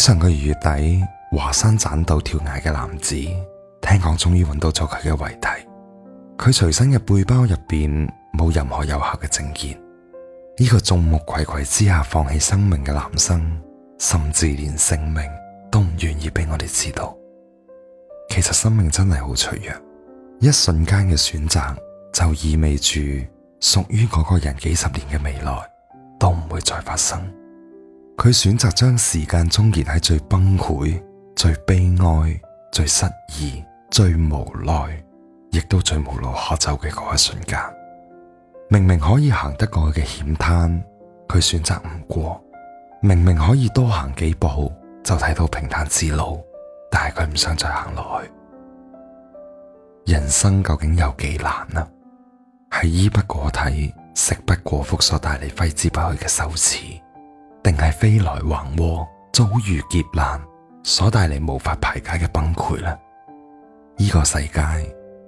上個月底，華山棧道跳崖嘅男子，聽講終於揾到咗佢嘅遺體。佢隨身嘅背包入邊冇任何有效嘅證件。呢個眾目睽睽之下放棄生命嘅男生，甚至連性命都唔願意俾我哋知道。其實生命真係好脆弱，一瞬間嘅選擇就意味住屬於嗰個人幾十年嘅未來都唔會再發生。佢選擇將時間終結喺最崩潰、最悲哀、最失意、最無奈，亦都最無路可走嘅嗰一瞬間。明明可以行得過去嘅險灘，佢選擇唔過；明明可以多行幾步就睇到平坦之路，但係佢唔想再行落去。人生究竟有幾難啊？係衣不過體，食不過腹，所帶嚟揮之不去嘅羞恥。定係飛來橫禍，遭遇劫難，所帶嚟無法排解嘅崩潰啦！呢個世界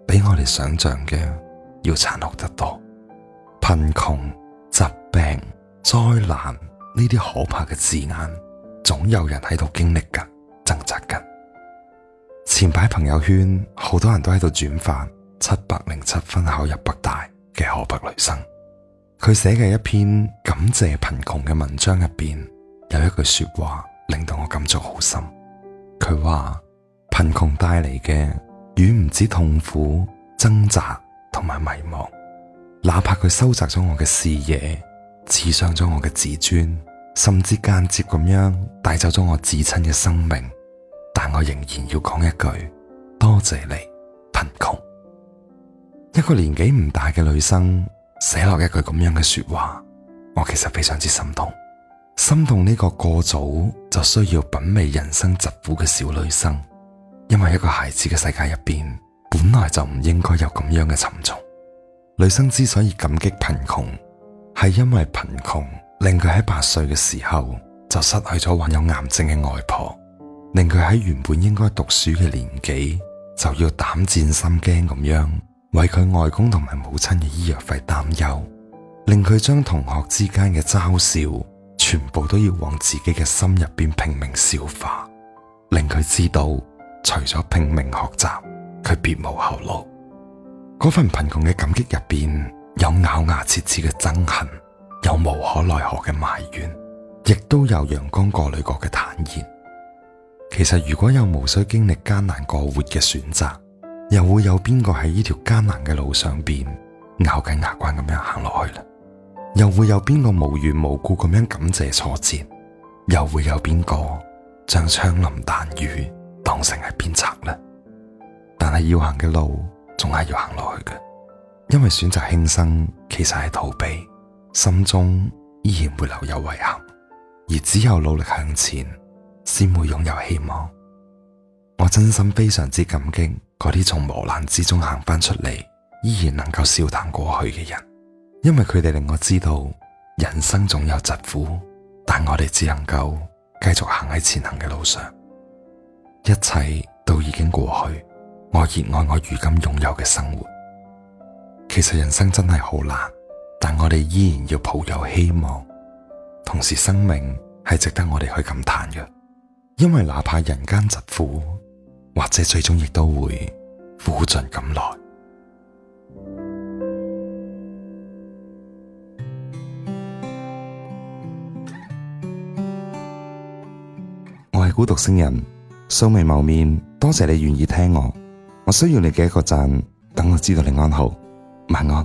比我哋想象嘅要殘酷得多，貧窮、疾病、災難呢啲可怕嘅字眼，總有人喺度經歷緊、掙扎緊。前排朋友圈好多人都喺度轉發七百零七分考入北大嘅河北女生。佢寫嘅一篇感謝貧窮嘅文章入邊，有一句說話令到我感觸好深。佢話貧窮帶嚟嘅遠唔止痛苦、掙扎同埋迷茫，哪怕佢收窄咗我嘅視野、刺傷咗我嘅自尊，甚至間接咁樣帶走咗我至親嘅生命，但我仍然要講一句：多謝你貧窮。一個年紀唔大嘅女生。寫落一句咁樣嘅說話，我其實非常之心痛，心痛呢個過早就需要品味人生疾苦嘅小女生，因為一個孩子嘅世界入邊本來就唔應該有咁樣嘅沉重。女生之所以感激貧窮，係因為貧窮令佢喺八歲嘅時候就失去咗患有癌症嘅外婆，令佢喺原本應該讀書嘅年紀就要膽戰心驚咁樣為佢外公同埋母親嘅醫藥費擔憂，令佢將同學之間嘅嘲笑，全部都要往自己嘅心入邊拼命消化，令佢知道，除咗拼命學習，佢別無後路。嗰份貧窮嘅感激入邊，有咬牙切齒嘅憎恨，有無可奈何嘅埋怨，亦都有陽光過濾過嘅坦然。其實，如果有無需經歷艱難過活嘅選擇。又會有邊個喺呢條艱難嘅路上邊咬緊牙關咁樣行落去呢？又會有邊個無緣無故咁樣感謝挫折？又會有邊個將槍林彈雨當成係鞭策呢？但係要行嘅路，仲係要行落去嘅，因為選擇輕生其實係逃避，心中依然會留有遺憾，而只有努力向前，先會擁有希望。我真心非常之感激。嗰啲從磨難之中行翻出嚟，依然能夠笑談過去嘅人，因為佢哋令我知道，人生總有疾苦，但我哋只能夠繼續行喺前行嘅路上。一切都已經過去，我熱愛我如今擁有嘅生活。其實人生真係好難，但我哋依然要抱有希望。同時，生命係值得我哋去感嘆嘅，因為哪怕人間疾苦，或者最終亦都會苦盡甘來。 我係孤獨星人，素未謀面，多謝你願意聽我。我需要你嘅一個讚，等我知道你安好，晚安。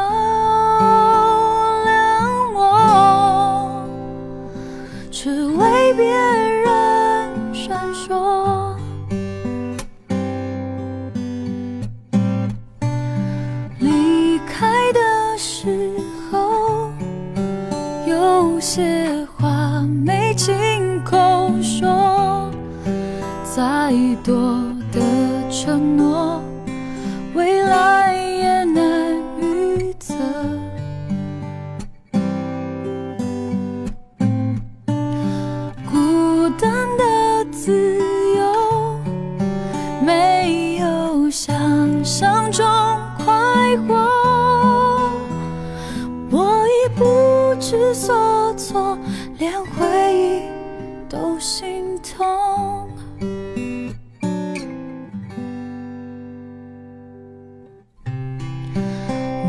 太多的承諾，未來也難預測。孤單的自由，沒有想象中快活，我已不知所措，連回。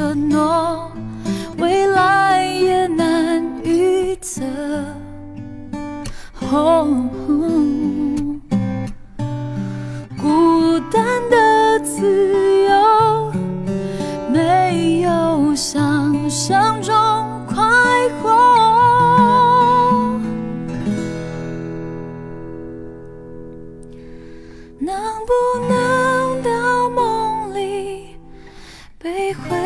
承諾未來也難預測，哦嗯、孤單的自由沒有想象中快活，能不能到夢裏被？